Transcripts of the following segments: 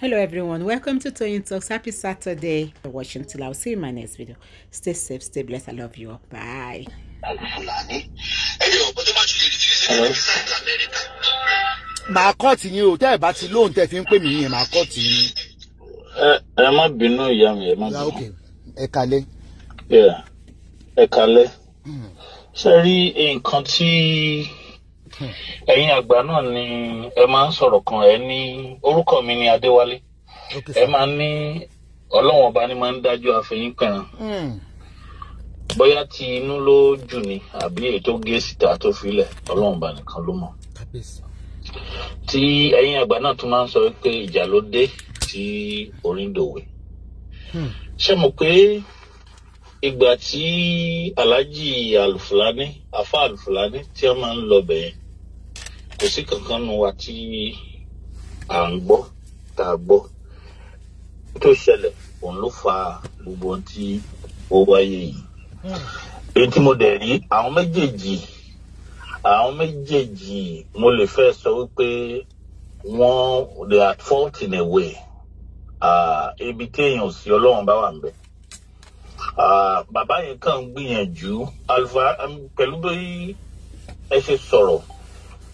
hello everyone welcome to Toyeen Talks happy saturday for watching till i'll see you in my next video stay safe stay blessed i love you all bye màá kọ́ọ̀tì yín o tẹ́ ẹ̀ bá ti lóhùn tẹ́ fi ń pè mí yẹn màá kọ́ọ̀tì yín. ẹ má bínú ìyá mi ẹ má bínú. ẹ kalẹ̀. ẹ kalẹ̀. Hmm. ṣe rí nǹkan tí. Hmm. ẹ̀yin àgbà náà ni ẹ máa ń sọ̀rọ̀ kan ẹ ní orúkọ mi ni Adéwálé ẹ máa ń ní Ọlọ́run ọba ni máa ń dájú àfẹ̀yìn kan hmm. bóyá ti inú ló jù ni àbí ètò gé síta tó filẹ̀ Ọlọ́run ọba nìkan ló mọ̀ tí ẹ̀yin àgbà náà tún máa ń sọ pé ìjà ló dé tí orin dòwe hmm. ṣé mo pé ìgbà tí Alhaji Alfulani afa Alfulani tí wọ́n máa ń lọ bẹ̀yẹn kò sí kankan nu wa tí à ń gbọ́ tá a gbọ́ tó ṣẹlẹ̀ òun ló fa gbogbo tí ó wáyé yìí èyí tí mo dẹ̀ rí àwọn méjèèjì àwọn méjèèjì mo lè fẹ́ sọ wípé wọ́n they are fault in a way ibi téèyàn sí ọlọ́run bá wà ń bẹ̀ bàbá yẹn kàn ń gbìyànjú alfa um, pẹ̀lú bí ẹ ṣe sọ̀rọ̀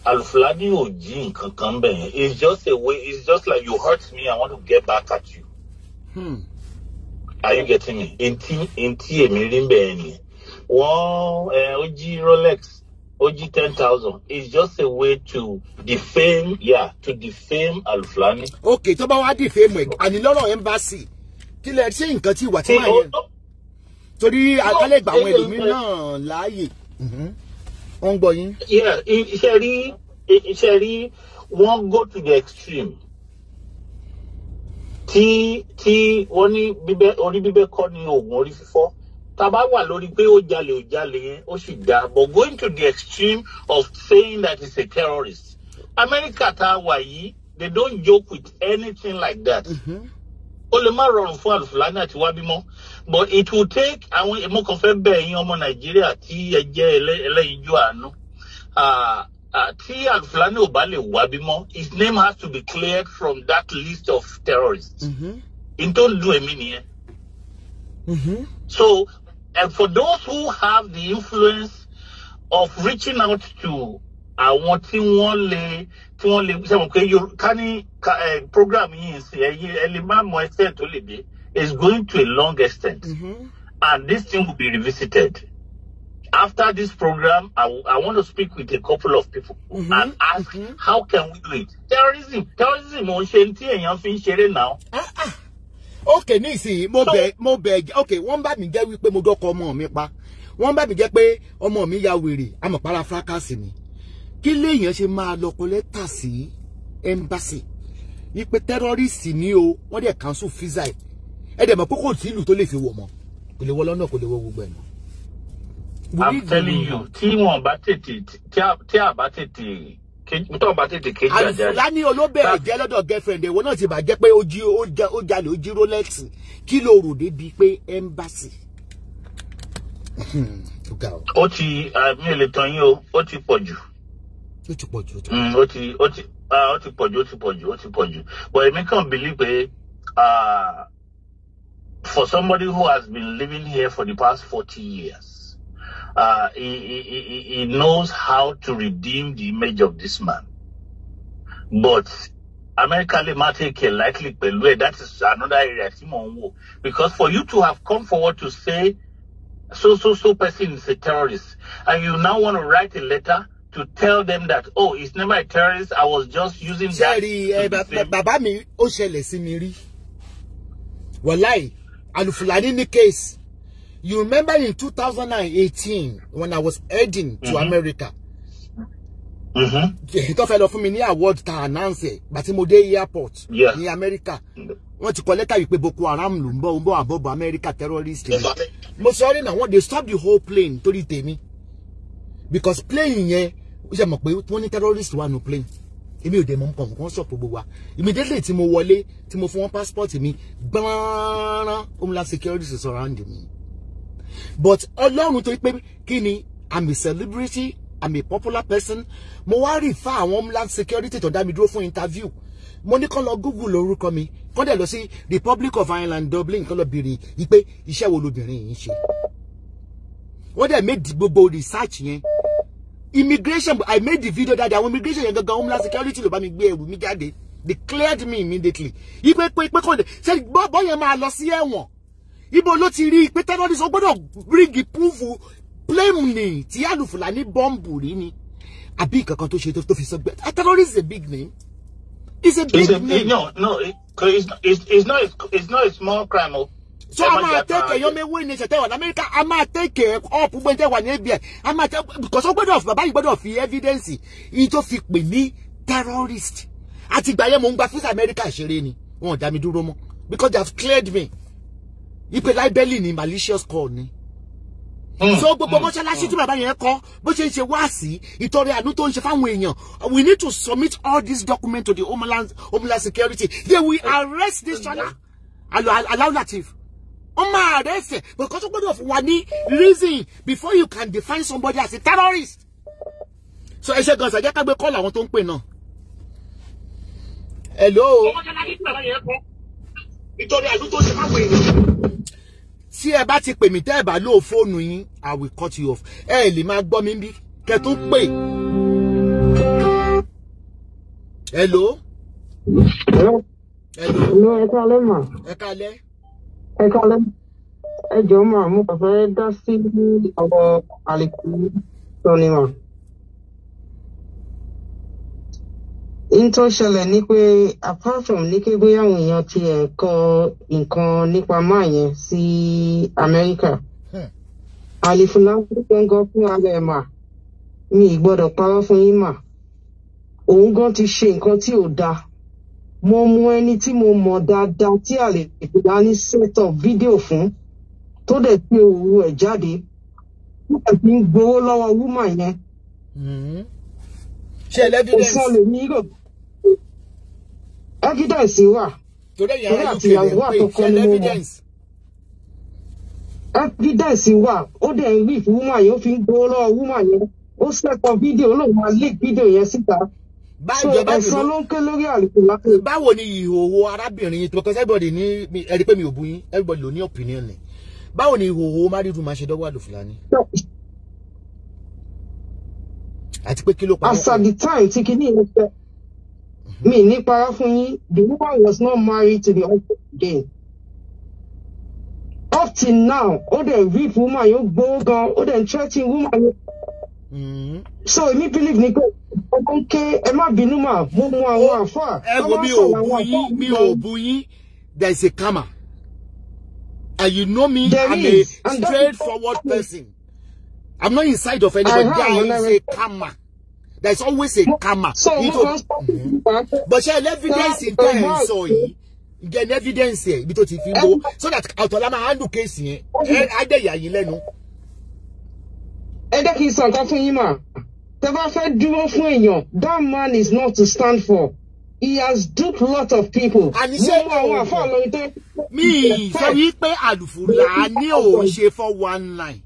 alufulani ò jí nǹkan kan ń bẹ̀ yẹn it's just a way it's just like you hurt me i want to get back at you. Hmm. are you getting me? ntí ntí èmi rí ń bẹ̀ yẹn nìyẹn wọ́n ó jí rolex ó jí ten thousand it's just a way to defame yeah to defame alufulani. Okay, tó bá wá defame ẹ àní lọ́rọ̀ embassy kí lẹ ṣe nǹkan tí ìwà tí máa yẹn torí akálẹ̀ gbà àwọn ẹlòmíràn láàyè. Mhm ó ń gbọ́ yín. iṣẹ́ rí iṣẹ́ rí wọ́n go to the extreme tí tí wọ́n ní bíbẹ́ orí bíbẹ́ kọ́ ni oògùn orí fífọ́ tàbá wà lórí pé ó jalè ó jalè ó sì dá but going to the extreme of saying that he's a terrorist America tá a wà yìí they don't joke with anything like that. Mm-hmm. Only lè for rọrùn fún àlùfùlání àti but it will take àwọn èmo kan fẹ́ bẹ̀ ẹ̀yin Nigeria. nàìjíríà tí ẹ jẹ́ ẹlẹ́yinjú àánú tí àlùfùlání ò bá his name has to be cleared from that list of terrorists mm-hmm. n don't do a nìyẹn mm-hmm. so uh, for those who have the influence of reaching out to àwọn tí wọ́n lè tí wọ́n lè sẹ́wọ̀n pé ká ní program yìí sí ẹ̀yin ẹ lè má mọ extent tó lè dé is going to a long extent mm-hmm. and this thing will be revisited after this program I, I want to speak with a couple of people mm-hmm. and ask mm-hmm. how can we do it terrorism terrorism ò ń ṣe tí èèyàn fi ń ṣeré now. Ah, ah. ok nísìnyí mo bẹ mo bẹ ok wọ́n bá mi jẹ́ wípé mo dọ́kọ̀ ọmọ mi pa wọ́n bá mi jẹ́ pé ọmọ mi ya wèrè amọ̀pára fracas ni kí léèyàn ṣe máa lọ kọ lẹ́tà sí ẹ́mbásì wípé tẹ́rọ́rìsì ni o wọ́n dẹ̀ cancel visa ẹ̀ ẹ̀ dẹ̀ mọ̀ pé kò sí ìlú tó lè fi wọ̀ mọ́ kò lè wọ lọ́nà kò lè wọ gbogbo ẹ̀ mọ́. I'm telling you tí wọn bá tètè tí a bá tètè tó bá tètè kejì àjà. àlùfáàní olóbẹ̀rẹ̀ jẹ́ lọ́dọ̀ girlfriend ẹ̀ wọ́n náà ti bàjẹ́ pé ó jalè ó jí rolex kí ló rò débi pé ẹ́mbásì hmm, ó ti àmì eh, ìletàn yín o ó ti pọ̀ jù. ó ti pọ̀ jù. Mm, ó ti ó ti ó ti pọ̀ ó ti pọ̀ ó ti pọ̀ but èmi kàn believe ah, for somebody who has been living here for the past forty years uh, he, he, he, knows how to redeem the image of this man but America lè take a likely pẹ̀lú that is another area because for you to have come forward to say so so so person is a terrorist and you now want to write a letter to tell them that oh it's never a terrorist I was just using that. sẹ́ẹ̀rì ẹ eh, bàbá mi ó ṣẹlẹ̀ sí mi rí wàláì alufulani ní case you remember in 2018 when I was heading to mm -hmm. America mm-hmm. tó fẹ́ lọ fún mi ní award ta announce gbà tí mo dé airport in America wọ́n ti kọ you pay pé Boko Haram ló ń bọ̀ America terrorist ni mo sọ ọ́ rí na wọ́n dey stop the whole plane torí tèmi because plane yẹn ó ṣe mọ̀ pé wọ́n ní terrorist wà nù plane èmi ò dẹ̀ mọ̀ nǹkan kan sọ̀pọ̀ gbogbo wa immediately tí mo wọlé tí mo fún wọn passport mi gbọ́nrán homeland security surround me but ọlọ́run tó pé kí ni i'm a celebrity i'm a popular person mo wá rí fa àwọn homeland security tó dá mi dúró fún interview mo ní kán lọ google lórúkọ mi kán dẹ̀ lọ sí republic of ireland dublin kán lọ bèrè yìí pé iṣẹ́ wo lobìnrin yìí ń ṣe wọ́n dẹ̀ made gbogbo research yẹn immigration i made the video that àwọn immigration yẹn gangan homeland security ló bá mi gbé ẹrù mi jáde they cleared me immediately ipe pe pe kọ́ni ṣe bọ́ yẹn máa lọ sí ẹ̀wọ̀n ibo ló ti rí i pé terrorist ó gbọ́dọ̀ bring proof plane ni tí alùfùlàní bọ́ǹbù rí ni àbí kankan tó ṣe tó fi sọ gbẹ ah, terrorist is a big name it's a big name. no no it, it's, it's, it's not it's, not a small crime o oh so a máa tẹ́kẹ̀ yọmọ ewé ní ṣẹ̀tẹ̀ wà lamẹ́ríkà a máa tẹ́kẹ̀ up gbẹ́ntẹ́ wà ní ẹ̀bíẹ̀ a máa tẹ́ because ó gbọ́dọ̀ bàbá yìí gbọ́dọ̀ fi evidence yìí tó fi pè ní terrorist àti ìgbà yẹn mò ń gba fisa amẹ́ríkà ṣeré ni wọn ò dá mi dúró mọ́ because they have cleared me ipe láìbẹ́lì ni malicious call ni hmm. so gbogbo mọ́ṣáláṣí hmm. tí bàbá yẹn kọ́ bó ṣe ń ṣe wá sí ìtọrẹ àánú tó ń ṣe fáwọn èèyàn we need to submit all these documents to the homeland homeland security Then we arrest this channel Al Al Al Latif wọ́n máa arrest ẹ̀ because ó gbọ́dọ̀ wà ní reason before you can define somebody as a terrorist. so ẹ ṣe gan ṣàjẹ́ ká gbé kọ́ọ̀lù àwọn tó ń pè náà. hello. nítorí àdúgbò ṣe máa wẹ̀ ẹ́ tí ẹ bá ti pè mí tẹ́ ẹ bá lóò fóònù yín i will cut you off ẹ lè máa gbọ́ mi bí kẹ́ tó pè. hello. hello. ẹ ẹ ká lẹ́. ẹ kálẹ́ ma jọ̀ọ́ mà dá sí ọ̀rọ̀ àlèkò tó In ni pé apart from ní pé bóyá àwọn ti nípa máa sí Amẹ́ríkà hmm. àlìfúnláwí fún ala ẹ̀ mi ì fún gan ti mo mọ ẹni tí mo mọ dáadáa tí àlè ìgbéga ní fídíò fún tó dẹ̀ pé owó ẹ̀ jáde ó dẹ̀ fi ń gbowó lọ́wọ́ wúmà yẹn. Mm-hmm. ṣe evidence. òṣùwọ̀n lè rò evidence wà torí àtìyàwó àtọkọ ni mo mọ. evidence wà ó dẹ̀ ń rí wúmà yẹn ó fi ń gbowó lọ́wọ́ wúmà yẹn ó set fídíò ó ẹ̀sán ló ń ké lórí àlùkò lápẹ́. báwo ni ìhòòhò arábìnrin yìí because everybody ní ẹ̀rí pé mi ò bu yín everybody ló ní opinion ni báwo ni ìhòòhò márìdù máa ṣe dọ́wọ́ àlùfùlání. àti pé kí ló pa. as at the time tí kinní mi fẹ́ mi ní para fún yín the woman was not married to the husband again up till now ó dẹ̀ rape woman yóò gbowó gan ó dẹ̀ threaten woman yóò. Mm-hmm. so èmi believe ni pé pé ké ẹ má bínú mà mo mú àwọn àfà. ẹ wo mi ò bu yín mi ò bu yín there is a karma and you know me there i'm is. a straightforward person i'm not inside of anybody there is a karma there is always a karma. so mo máa ń sọ fún mi pàápàá. but ṣe evidence tẹ ẹ sọ yìí get evidence yẹn ibi tó ti fi ń wo so that àtọ̀lá máa handle case yẹn ẹ á dẹ̀ yà yín lẹ́nu. ẹ jẹ́ kí n sọ nǹkan fún yín mà tẹ bá fẹ́ dúró fún èèyàn that man is not to stand for he has duped lot of people. àníṣe mo àwọn àfọ àlọrin tẹ. mi sọ wípé àlùfùlà ní òun ṣe four one nine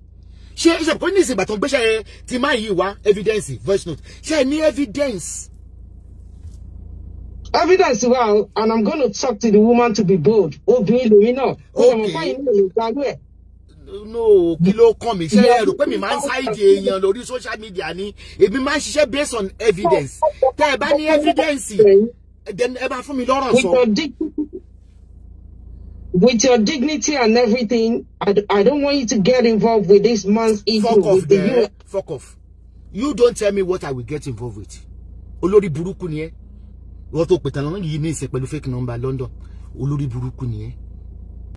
ṣe ṣe kò ní ìsìnbà tó ń gbéṣẹ́ ti máa yìí wá evidence voice note ṣe ní evidence. evidence wa well, and i'm gonna talk to the woman to be bold obìnrin lèmi náà. ok ó yẹ mọ̀ fáyín ní ìlú no kí ló kàn mí ṣe ẹ rò pé mi máa ń ṣáìdì èèyàn lórí social media ni èmi máa ń ṣiṣẹ́ based on evidence tẹ́ ẹ bá ní evidence then ẹ bá fún mi lọ́rọ̀ sọ. With your dignity and everything, I, I don't want you to get involved with this man's ego. Fuck off, there. Eh? Fuck off. You don't tell me what I will get involved with. Olori burúkú ni ẹ́. Wọ́n tó pètàn lọ́nà yìí ní ìsìn pẹ̀lú fake number London. Olori burúkú ni ẹ́.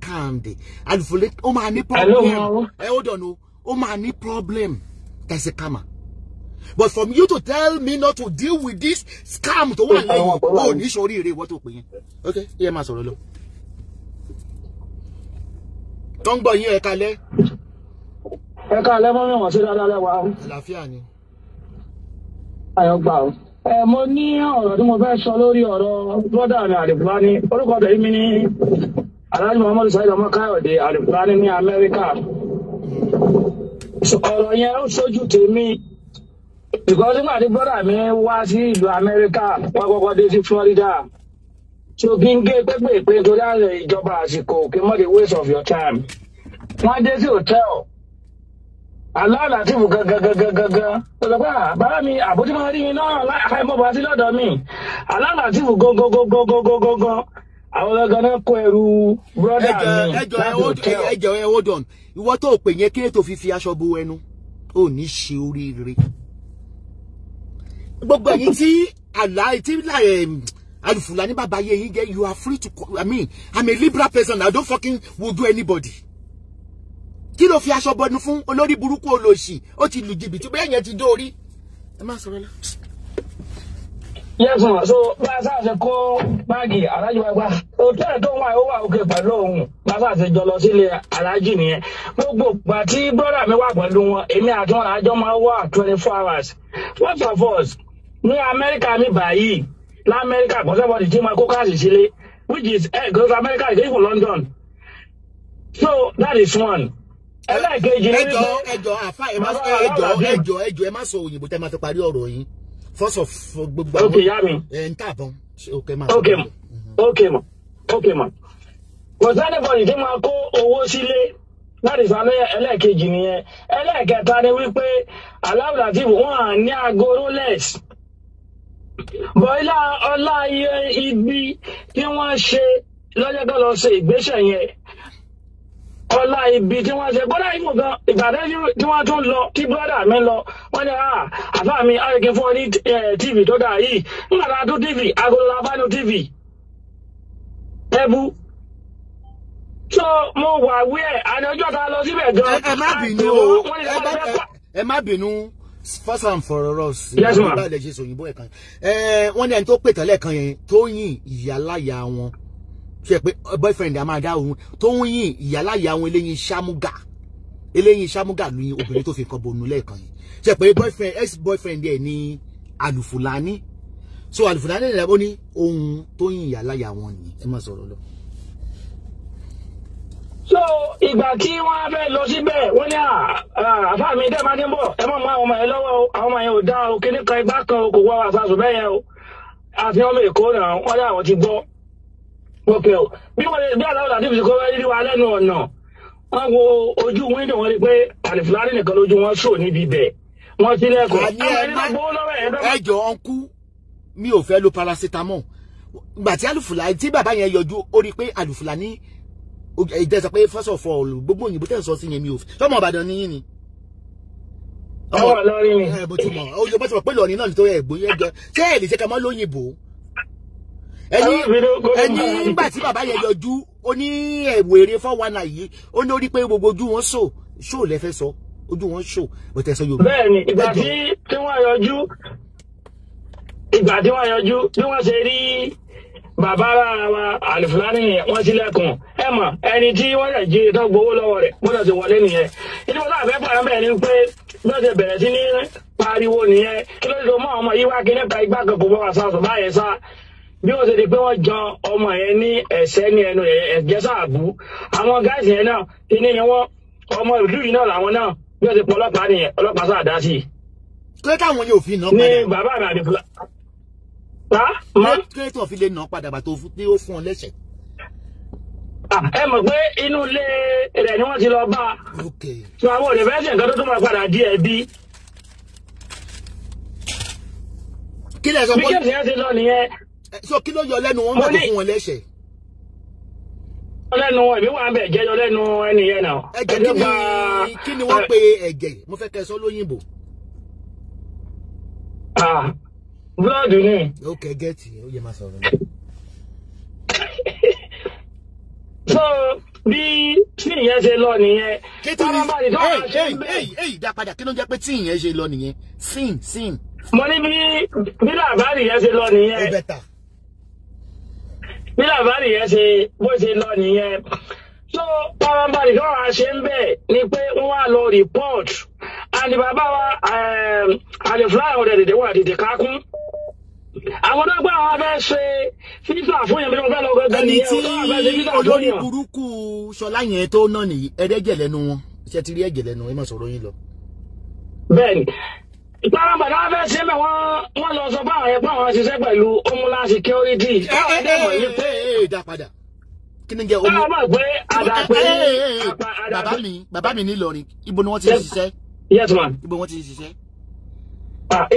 Kande Alfolete ó máa ní problem ẹ eh, hold on o oh. ó oh, máa ní problem tẹ̀sí kama but from you to tell me not to deal with this scam the wà lẹ́yìn ó ní sori èrè ìwọ́ tó pè yẹn ok iye máa sọ̀rọ̀ lọ. tó ń gbọ́ yín ẹ kalẹ́. ẹ kalẹ́ mọ́ mi wọ́n sí dáadáa lẹ́wàá. àlàáfíà ni. ayọ̀ gbà o ẹ mo ní ọ̀rọ̀ tí mo fẹ́ sọ lórí ọ̀rọ̀ brọ́dà mi àdìbò ní orúkọ bẹ̀rẹ̀ mi ní aláàjì muhammadu saheed ọmọ káyọ̀dé àlùkùránì ní amẹ́ríkà ọ̀rọ̀ yẹn ó sójú tèmi because nígbà tí brọ́dà mi wá sí ìlú amẹ́ríkà wá kọ́kọ́ dé sí florida tí o kí ń gé pépè pé torí àlẹ ìjọba àsìkò kí n mọ̀ the waste of your time wọ́n dé sí hòtẹ́ẹ̀lì aláàlàtìfù gangan ọlọ́pàá bàbá mi àbójúmọ́ rí mi náà àìmọ́ bá sí lọ́dọ̀ mi aláàlàtìfù gangan àwọn gangan kó ẹrú brọ́dà mi láti hòtẹ́ẹ̀lì. ẹjọ ẹ hold on ìwọ tó pè yẹn kílẹ̀ tó fi fi aṣọ bo ẹnu ò ní ṣe oríire gbogbo ẹ̀yin tí àlá tí alùfùlàní bàbá yẹ yín jẹ you are free to i mean i'm a liberal person i don't fucking will do anybody kí ló fi aṣọ bọnu fún olórí burúkú olóṣì ó ti lu jìbìtì bẹ́ẹ̀ yẹn ti dóorí ẹ má sọ̀rọ̀ náà yẹsùn yes, so bá a sáàsì kó báàgì aláàjì wa gba òtún ẹ̀ tó ń wá ó wà òkè pẹ̀lú òun bá a sáàsì jọ lọ sílé aláàjì nìyẹn gbogbo ìgbà tí brọ́dà mi wà pẹ̀lú wọn èmi àti wọn àjọ máa wà twenty four hours first of all ní amẹ́ríkà mi báyìí lamẹ́ríkà pọ̀sẹ́pọ̀tì tí máa kó káàsì sílé which is ẹ̀ eh, gọ́sọ̀ amẹ́ríkà ìgbé ìfò London so that is one ẹlẹ́ẹ̀kejì ní ẹjọ́ ẹjọ́ àfa ẹ má sọ òyìnbó tẹ́ máa fi parí ọ̀rọ̀ yín first of gbogbo àwọn okay yami. mi n tà bọ́n okay ma. okay ma okay ma okay ma Was anybody tí máa kó owó sílé láti sálẹ̀ ẹlẹ́ẹ̀kejì nìyẹn ẹlẹ́ẹ̀kẹta ni wípé aláwọ̀ latif wọn à ní aago rolex bọ́ílá ọlá ibi tí wọ́n ṣe lọ́jọ́ kan lọ ṣe ìgbésẹ̀ yẹn ọlá ibi tí wọ́n ṣe gbọ́dọ̀ ìmọ̀ gan ìbàdàn tí wọ́n tún lọ tí bọ́dà mi lọ wọ́n ní ah, àbá mi àyèké fún ọ ní tv tó dà yìí nígbà tá a tún tv agolo la tv ẹbu tó mo wà wí àní ọjọ́ tá lọ síbẹ̀ gan. ẹ má bínú ẹ má bínú first and foremost yes ma bá ilẹ̀ ṣe sòyìnbó wọ́n ní ẹni tó pè tẹ́lẹ̀ kan yẹn tó yìn ìyá láyà wọn ṣe pé uh, boyfriend a máa dá òun tó ń yìn ìyáláyà àwọn eléyìí ṣámúgà eléyìí ṣámúgà ní obìnrin tó fi nǹkan bonú lẹ́ẹ̀kan yìí ṣe pé boyfriend ex boyfriend ẹ̀ ní àlùfùlání so àlùfùlání ẹ̀ ó ní ohun tó yìn ìyáláyà wọn ni ẹ má sọ̀rọ̀ lọ. so ìgbà tí wọ́n fẹ́ lọ síbẹ̀ wọ́n ní àfa mi dẹ́ máa ń bọ̀ ẹ má àwọn ọmọ yẹn lọ́wọ́ àwọn ọmọ yẹn ò dá o kíní kan igbá kan o kò wá àfa àṣùbẹ́yẹn o àfihàn ọmọ èkó náà wọ́n dá àwọn ti gbọ́ okay o bí wọn bí aláwọ àti ìbísí kọ rí wa lẹ́nu ọ̀nà wọn wo ojú wíńdò wọn rí pé àlìfúlárì nìkan lójú wọn ṣò níbi bẹ́ẹ̀ wọn ti lẹkọọ. ẹjọ ọkú mi ò fẹ́ lo paracetamol gbà tí àlùfùlà tí bàbá yẹn yọjú ó rí i pé àlùfùlà ní ìjẹsọ pé first of all gbogbo òyìnbó tẹ̀ ń sọ sí yẹn mi ò fẹ́ sọmọ Ìbàdàn ni yín ni ọmọ Ìlọrin ni ẹ bó ti mọ ọ bó ti mọ pé Ìlọrin náà tó yẹ ẹgbó yẹ jọ ṣé ẹ lè ṣe ká mọ lóyìnbó ẹni ẹni nígbà tí bàbá yẹn yọjú ó ní ẹ̀wèrè fọ́wọ́nà yìí ó ní ó rí pé gbogbo ojú wọn ṣò ṣò lẹ́fẹ́ sọ ojú wọn ṣò bó tẹ sọ Yorùbá. bẹ́ẹ̀ni ìgbà tí tí wọn yọjú ìgbà tí wọn yọjú bí wọn ṣe rí bàbá ara wa àlùfáàní yẹn wọn sílẹ̀kùn ẹ mọ ẹni tí wọn yẹ jí tó gbowó lọ́wọ́ rẹ̀ bó lọ sí wọlé nìyẹn ìdí wọn láàbẹ pàrọ̀ bẹ́ẹ̀ ni pé bí wọn ṣe bẹ̀rẹ̀ sí ní pariwo nìyẹn kí ló dé tó mọ àwọn ọmọ yìí wá kí nípa igbá kan kò bọ wà sá sọ báyẹn sá bí ó ṣe di pé wọ́n jọ ọmọ yẹn ní ẹ̀sẹ̀ ní ẹnu ẹ̀jẹ̀ sáàbù àwọn gáàsì yẹn náà kíní ni wọ́n ọmọ ìlú yìí náà làwọn náà bí ó ṣe pọ̀ ọlọ́pàá nìyẹn ọlọ́pàá sáà dá sí i. kílé táwọn yóò fi nà padà. ní bàbá mi àbíkú. kílé tó fi lè nà padà bàtò tí ó fún ọ lẹ́sẹ̀. ẹ mọ̀ pé inú ilé rẹ̀ ni wọ́n ti lọ bá a so kí ló yọ lẹ́nu wọn gbàgbọ́ fún wọn lẹ́sẹ̀. ọlẹ́nu ìbí wà bẹ̀ jẹ́ ọlẹ́nu ẹni yẹn náà. ẹ̀jẹ̀ kí ni kí ni wọ́n pe ẹ̀jẹ̀ mo fẹ́ kẹ́ sọ lóyìnbó. blood ni. ok get ó yẹ máa sọ̀rọ̀ so bí tí ìyẹn ṣe lọ nìyẹn. kí tí ni dá padà kí ló ń jẹ́ pé tí ìyẹn ṣe lọ nìyẹn sin sin. mo ní bí bí làbárì yẹn ṣe lọ nìyẹn. ó bẹ̀ tà bí làbárí yẹn ṣe bó ṣe lọ nìyẹn so paramari náà a ṣe ń bẹ ni pé wọ́n wá lọ report àní bàbá wa um, àlefúláyà ọ̀rẹ́ dèdè wà dèdè kákún àwọn tó gbà wọn fẹ́ ṣe fífà fún yẹn bí wọ́n fẹ́ lọ gẹ́gẹ́ nìyẹn wọ́n tó wà ṣe fífà fún yẹn. olórí burúkú Ṣọlá yẹn tó náà nìyí ẹrẹ́jẹ̀ lẹ́nu wọn ṣe ti rí ẹ̀jẹ̀ lẹ́nu ẹ má sọ̀rọ̀ yín lọ. bẹ́ẹ̀ni ìparapọ̀ náà fẹ́ ṣe mẹ́ wọ́n wọ́n lọ sọ fún àwọn ẹ̀pọ̀ àwọn ṣiṣẹ́ pẹ̀lú omula security. káwọn ẹ̀dẹ̀ mọ̀ yín pé. dá padà kí ni jẹ́ omi. báwo mọ̀ pé àdàpé. bàbá mi bàbá mi ní Ìlọrin ibo ni wọ́n ti ń ṣiṣẹ́. yes ma. ibo wọ́n ti ń ṣiṣẹ́.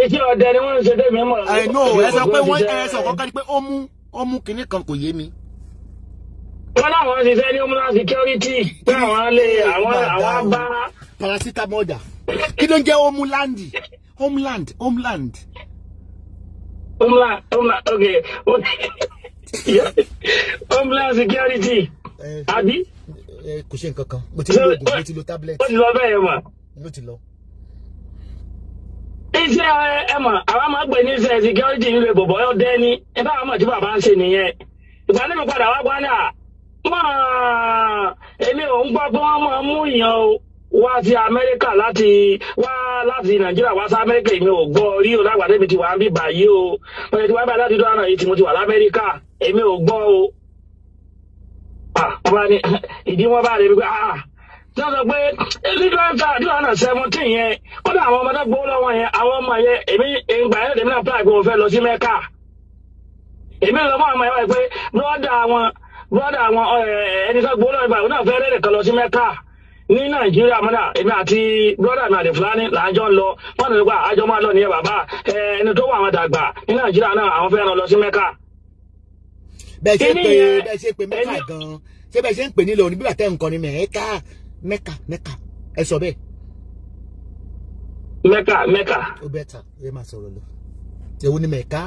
etí ọdẹ ni wọ́n ń ṣe débi mọ̀. ẹ nọ ẹ sọ pé wọ́n ẹ sọ kọ́kọ́ ni pé ó mú ó mú kinní kan kò yé mi wọn láwọn ṣiṣẹ́ ní homeland security pé àwọn lè àwọn àwọn bá. parasitamọ́dà kí ló ń jẹ́ homeland homeland homeland. homeland homeland okay Yeah. homeland security Abi. Eh, eh, kò kaka. nǹkan kan mo ti lo tablet. mo ti lo tablet. ó ti lọ bẹ́ẹ̀ mà. ló ti lọ. iṣẹ́ ẹ mọ̀ àwa máa gbé ní iṣẹ́ security nílé bọ̀bọ̀ yóò dẹ́ ní ẹ bá àwọn àti bàbá ń ṣe nìyẹn ìgbà náà mi padà wá gbọ́ náà mọ̀ èmi ò ń gbọ́ pé wọ́n máa mú ìyàn o wá sí amẹ́ríkà láti wá láti nàìjíríà wá sí amẹ́ríkà èmi ò gbọ́ rí o lágbàdo èmi ti wà níbí báyìí o mo ti wá báyìí láti dọ́nà yìí tí mo ti wà lámẹ́ríkà èmi ò gbọ́ o. ọba ni ìdí wọn bá rẹ wípé ah, tí wọ́n sọ pé lílọ́ńtà àdúrà seventeen yẹn kódà àwọn ọmọdé gbowó lọ́wọ́ yẹn àwọn ọmọ yẹn èmi ìgbà yẹn lèmi náà pààyè pé mo fẹ́ lọ sí mẹ́kà èmi lọ́mọ àwọn ẹ̀wá yẹn pé bọ́dà àwọn bọ́dà àwọn eh, ẹni tó gbowó lọ́wọ́ yẹn báyìí wọ́n ní nàìjíríà mọ́nà èmi àti brọ́dà mi àti fúlàní làájọ ń lọ wọ́n ní nípa àjọ máa lọ nìyẹn bàbá ẹni tó wà àwọn dàgbà ní nàìjíríà náà àwọn fẹ́ràn lọ sí mẹ́kà. bẹ́ẹ̀ ṣe pé bẹ́ẹ̀ ṣe pé mẹ́kà gan-an ṣé ṣe ń pè nílò ní bíbà tẹ́ nǹkan ni mẹ́ẹ̀ẹ́ká mẹ́kà mẹ́kà ẹ sọ bẹ́ẹ̀. mẹ́kà mẹ́kà. ó bẹ́ẹ̀ ta ẹ máa sọ̀rọ̀ lọ ewu ni mẹ́ẹ̀ká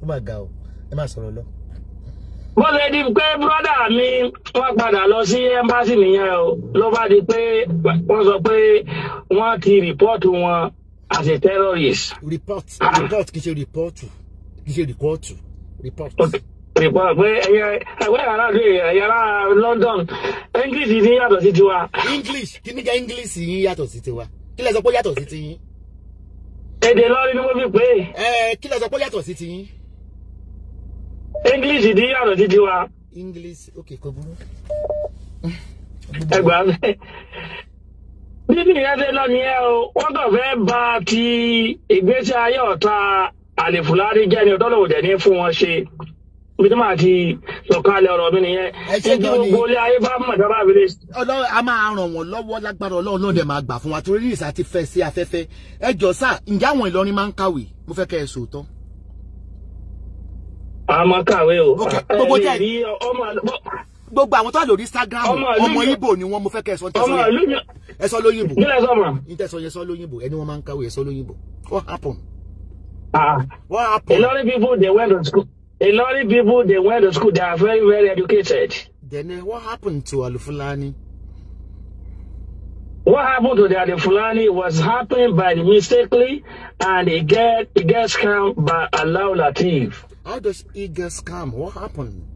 ó máa ga ọ ẹ máa sọ̀rọ̀ lọ bó ṣe pé bírọ́dà mi wọ́n padà lọ sí ẹ́mbásì nìyẹn o ló bá di pé wọ́n sọ pé wọ́n ti rìpọ́ọ̀tù wọn as a terrorist. report report kì í ṣe rìpọ́ọ̀tù kì í ṣe rìpọ́ọ̀tù report. rìpọ́ọ̀tù pé ẹ̀yẹ ẹ̀wẹ́ yàrá lè yàrá London English yìí yàtọ̀ sí tiwa. English kí ni jẹ́ English yìí yàtọ̀ sí tiwa kí lẹ sọ pé yàtọ̀ sí tiyín. èdè lọ́rin ni mo fi pè é. ẹ english ní yàrá títí wa. english okay, kò burú. ẹgbà bẹ́ẹ̀ bíbí yẹn ti lọ nìyẹn o wọ́n kàn fẹ́ ba ti ìgbésí ayé ọ̀tá àlèfúlárí jẹ́ ni ọ̀dọ́lọ́wò dẹ̀ ní fún wọn ṣe ibi tí màá ti sọ̀kalẹ̀ ọ̀rọ̀ mi nìyẹn nítorí gbogbo ilé ayé bá mọ̀ dábàá abilé. ọlọ́run a máa ràn wọ́n lọ́wọ́ lágbára ọlọ́run náà dẹ̀ máa gbà fún wa torí nìyí sí afẹ́fẹ́ ẹ jọ sá ǹjẹ́ àwọn Ìlọrin máa ń kàwé mo fẹ́ kẹ́ ẹ sòótọ́ a kàwé o gbogbo tẹ gbogbo àwọn tó wà lórí Instagram ọmọ Ìgbò ni wọn mo fẹ́ kẹ́ ẹsọ ẹsọ lóyìnbó ìtẹsọ yẹn sọ lóyìnbó ẹni wọn máa ń kàwé ẹsọ lóyìnbó what happen. Ah, what happen. A lot of people they went to school. A lot of people they went to school. They are very very educated. Then eh, what happened to Alufulani? what happened to the Fulani was happened by the mistakenly, and it get it gets scammed by low Latif. How does he get scammed? What happened?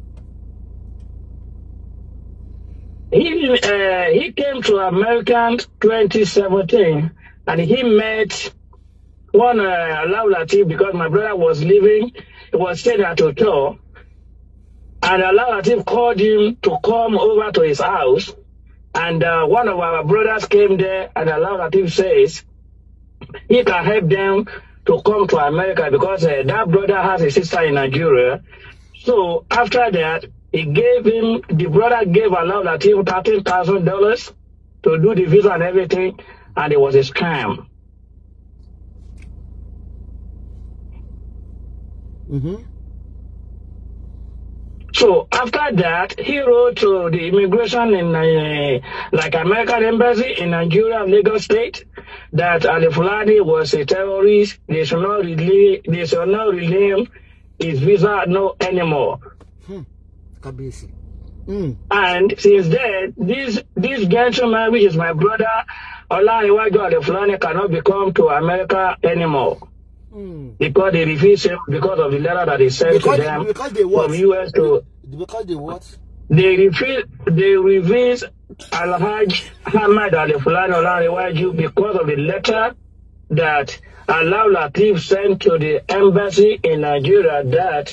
He uh, he came to America 2017, and he met one uh, Allahu Latif because my brother was living. He was staying at a hotel, and Allahu Latif called him to come over to his house. And uh, one of our brothers came there, and Allah Latif says he can help them to come to America because uh, that brother has a sister in Nigeria. So after that, he gave him, the brother gave Allah Latif $13,000 to do the visa and everything, and it was a scam. Mm-hmm. So after that, he wrote to the immigration in uh, like American embassy in Nigeria, Lagos State, that Ali Fulani was a terrorist. They should not renew, they should not renew his visa no anymore. Hmm. Mm. And since then, this this gentleman, which is my brother, Olaniwaju Ali Fulani, cannot become to America anymore. Hmm. Because they refused him because of the letter that they sent because, to them because they from US to because they what? They refused they refused Al Hajj Ahmad Al Fulani because of the letter that Allow Latif sent to the embassy in Nigeria that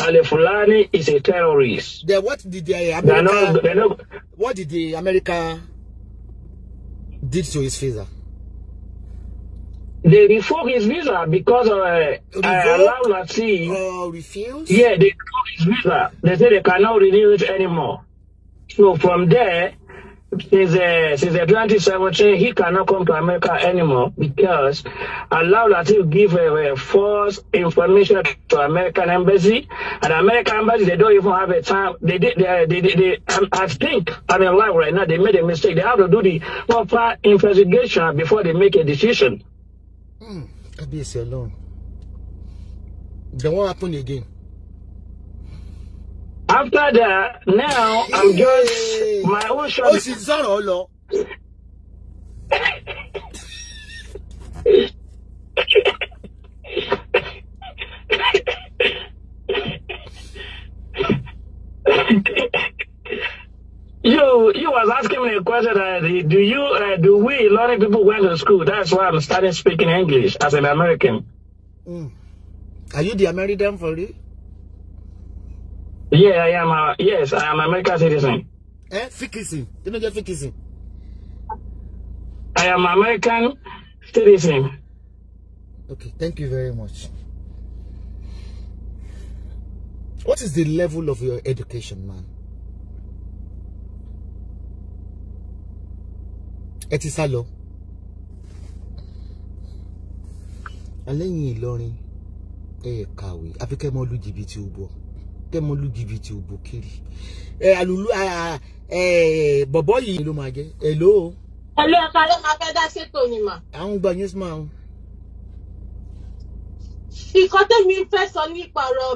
Ali Fulani is a terrorist. Then what did the America? They're not, they're not, what did the America did to his father? they revoke his visa because uh, Alao Lati uh, Yeah, they revoke his visa. They say they cannot renew it anymore. So from there, since uh, since 2017, he cannot come to America anymore because Alao Lati give uh, uh, false information to American embassy, and American embassy they don't even have a time. They did. Uh, they, they, they, they um, I think I'm mean, live right now. They made a mistake. They have to do the proper investigation before they make a decision. Hmm, kábíyèsí alone. then what happened again. after that now i'm just my own shop. ó sì sọ̀rọ̀ lọ. was asking me a question. Uh, do you, uh, do we, learning people went to school? That's why I'm starting speaking English as an American. Mm. Are you the American for you? Yeah, I am. Uh, yes, I am American citizen. Eh, citizen. You know get citizen. I am American citizen. Okay, thank you very much. What is the level of your education, man? ẹ ti sá lọ alẹ́yìn Ìlọrin ẹ kàwé àfi kẹ́ mọ lu jìbìtì òbò kẹ́ mọ lu jìbìtì òbò kiri ẹ àlùlù ẹ bọ̀bọ̀ yìí ló máa jẹ́ ẹ ló. ẹ̀lú ẹ̀ka ló máa fẹ́ dá ṣètò ni mà. àwọn gba news man. ìkan tẹ́mi fẹ́ sọ nípa ọ̀rọ̀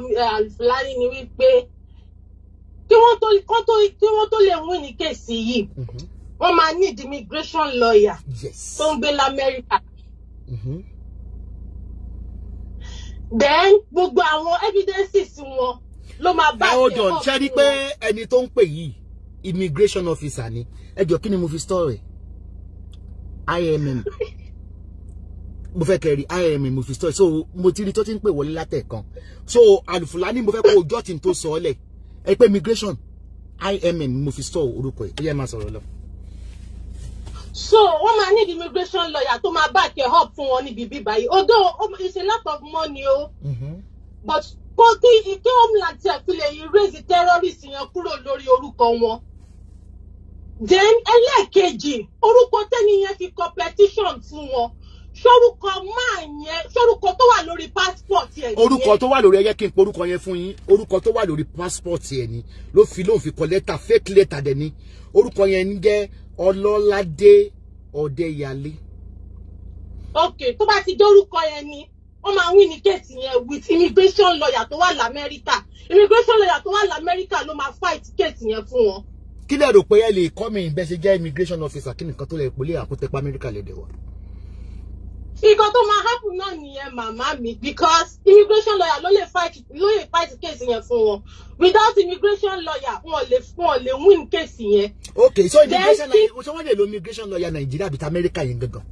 Fúlàní ni wípé kí wọ́n tó lè wí ní kèsì yìí. Mm-hmm wọ́n máa need immigration lawyer tó ń gbé lamẹ́ríkà. Mm-hmm. then gbogbo àwọn evidences wọn ló máa bá ṣe hold on ṣe rí pé ẹni tó ń pè yìí immigration officer ni ẹ jọ kí ni mo fi story IMM mo fẹ́ kẹrí IMM mo fi story so mo ti rí tó ti ń pè wọlé látẹ̀kan so Alfulany mo fẹ́ kó ojú ọ̀tí tó sọ ọ́ lẹ̀ ẹ pé immigration IMM mo fi story orúkọ ẹ̀ ó yẹ máa sọ̀rọ̀ lọ so wọ́n máa need immigration lawyer tó máa back your up fún wọn níbi bíbá yìí although um, it's a lot of money o mm-hmm. but kó kí kí homeland tiẹ̀ fi lè erase terrorist yẹn kúrò lórí orúkọ wọn then ẹlẹ́ẹ̀kejì orúkọ tẹ́ni yẹn fi competition petition fún wọn sórúkọ máa yẹn sórúkọ tó wà lórí passport yẹn. orúkọ tó wà lórí ẹyẹ kí n pe orúkọ yẹn fún yín orúkọ tó wà lórí passport yẹn ni ló fi lóun fi kọ lẹ́tà fake letter dẹ̀ ni orúkọ yẹn ń jẹ́ ọlọ́ládé ọ̀dẹ́yàlé. ok tó bá ti dórúkọ yẹn ni wọ́n máa wí ní kéèsì yẹn with immigration lawyer tó wà lamẹ́ríkà immigration lawyer tó wà lamẹ́ríkà ló máa fight kéèsì yẹn fún wọn. kí lè rò pé ẹ lè kọ́ mi ìbẹ́sẹ̀ jẹ́ immigration officer kí nìkan tó lè pèlè àkótẹ́pá amẹ́ríkà lè dẹ̀ wá nǹkan tó máa happen náà nìyẹn màmá mi because immigration lawyer ló lè fight ló lè fight case yẹn fún wọn without immigration lawyer wọn lè wọn lè win case yẹn. okay so immigration lawyer so wọn lè lo immigration lawyer nàìjíríà àbí tamẹ́ríkà yẹn gangan.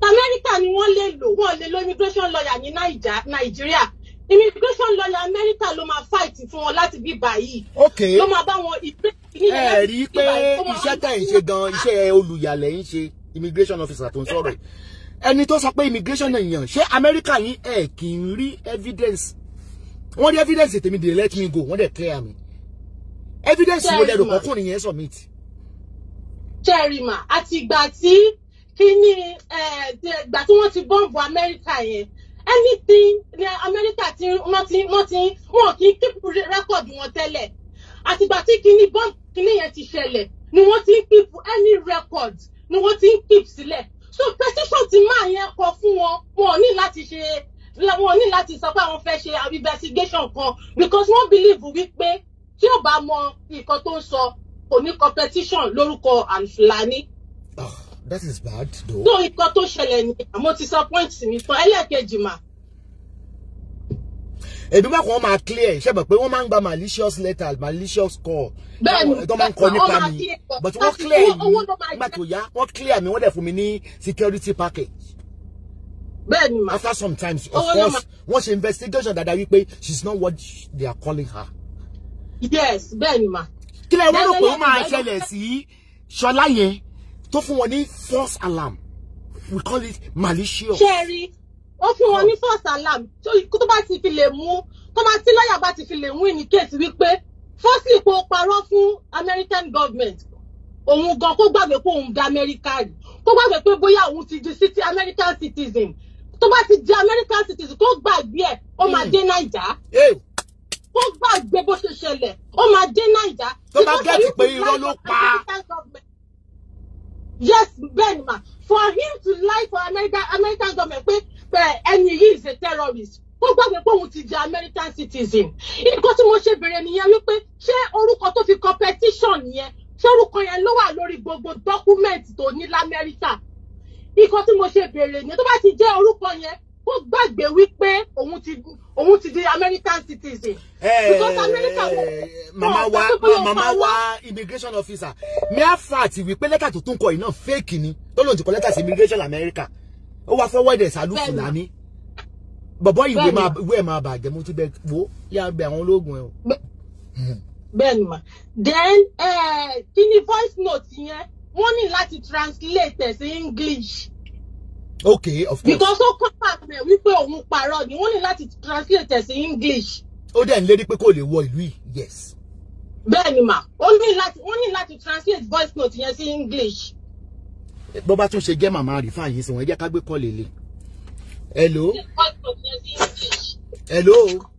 tamẹ́ríkà ni wọ́n lè lò wọ́n lè lo immigration lawyer ní nàìjíríà immigration lawyer amẹ́ríkà ló máa fight fún wọn láti bí báyìí. ok ló máa bá wọn ìgbé. ẹ rí i pé iṣẹ́ tá ẹ̀ ń ṣe gan iṣẹ́ olùyàlẹ̀ ń ṣe immigration officer tó ń sọ̀rọ̀ ẹni tó sọ pé immigration èèyàn ṣé Amẹ́ríkà yín ẹ̀ kì í rí evidence wọ́n rí evidence tèmi dè let me go wọ́n dẹ̀ clear mi evidence wo lẹ́rù ọkùnrin yẹn submit. Cherima àtìgbà tí kíní ìgbà tí wọ́n ti bọ́ǹbù Amẹ́ríkà yẹn anything ní Amẹ́ríkà tí wọ́n ti wọ́n ti wọ́n kì í keep record wọn tẹ́lẹ̀ àtìgbà tí kíní bọ́ǹbù kíní yẹn ti ṣẹlẹ̀ ni wọ́n ti keep any record ni wọ́n ti keep sílẹ̀ so petition ti máa yẹn kọ fún wọn wọn ní láti ṣe wọn ní láti sọ pé àwọn fẹ́ ṣe investigation kan because wọ́n believe wípé tí ò bá mọ nǹkan tó ń sọ kò ní kọ petition lórúkọ àǹfààní. Ah, that is bad though. tó nǹkan tó ṣẹlẹ̀ ni àmọ́ ti sọ point mi tán ẹlẹ́ẹ̀kejì mà ebi bá kàn máa clear ṣe mọ̀ pé wọ́n máa ń gba malicious letter malicious call tó máa ń kọ nípa mi but wọ́n clear mi nígbà tó yá wọ́n clear mi wọ́n dẹ̀ fún mi ní security package bẹ́ẹ̀ni ma after some times of course wọ́n ṣe investigation dada wípé she is not what they are calling her. yes bẹ́ẹ̀ni ma. kílẹ̀ wọ́n rò pé ó máa ṣẹlẹ̀ sí ṣọlá yẹn tó fún wọn ní false alarm we call it malicious. ṣe ó fún wọn ní false alarm tó bá ti fi lè mú tó bá tí lọ́ọ̀yà bá ti fi lè mú ìníkèsí wípé firstly kó parọ́ fún American government òun gan kó gbàgbé pé òun di America. rí kó gbàgbé pé bóyá òun ti di city American citizen tó bá ti di American citizen kó gbàgbé ẹ̀ ó máa hmm. dé Naija kó gbàgbé bó ṣe ṣẹlẹ̀ ó máa dé Naija. tó bá gẹ̀ẹ́sì pé irọ́ ló pa. yes Benjamin. for him to lie for American American government pé pé ẹni yìí is a terrorist ó gbàgbé pé òun ti jẹ American citizen nǹkan tí mo ṣe bèrè nìyẹn wípé ṣé orúkọ tó fi competition yẹn ṣé orúkọ yẹn ló wà lórí gbogbo document tó ní lamẹ́ríkà nǹkan tí mo ṣe bèrè nìyẹn tó bá ti jẹ́ orúkọ yẹn kó gbàgbé wípé òun ti òun ti di American citizen. Eh, because mama wa mama wa immigration officer mi á fa àti wípé lẹ́tà tó tún kọ yìí náà fake ni tó lòun ti kọ lẹ́tà sí immigration America ó wá fọwọ́ ẹ̀dẹ̀ sálú fúlàní bọ̀bọ́ ìwé máa ìwé máa bàjẹ́ mo ti bẹ wo yá bẹ àwọn ológun ẹ o. bẹ́ẹ̀ ma then kí ni voice note yẹn wọ́n ní láti translate ẹ̀ sí English. ok of course. because ó kọ́ pàmẹ́ wípé òun parọ́ ni wọ́n ní láti translate ẹ̀ sí English. ó dẹ̀ ń lérí pé kò lè wọ ìlú yìí yes. bẹ́ẹ̀ ma ó ní láti ó ní láti translate voice note yẹn sí English bó bá tún ṣe jẹ́ màmá àrífà yìí sí wọn ẹ jẹ́ ká gbé kọ́ lélẹ̀ hello hello.